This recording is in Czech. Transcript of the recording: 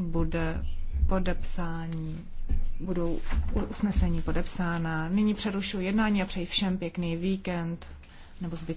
bude podepsání, budou usnesení podepsána. Nyní přerušuji jednání a přeji všem pěkný víkend nebo zbytek.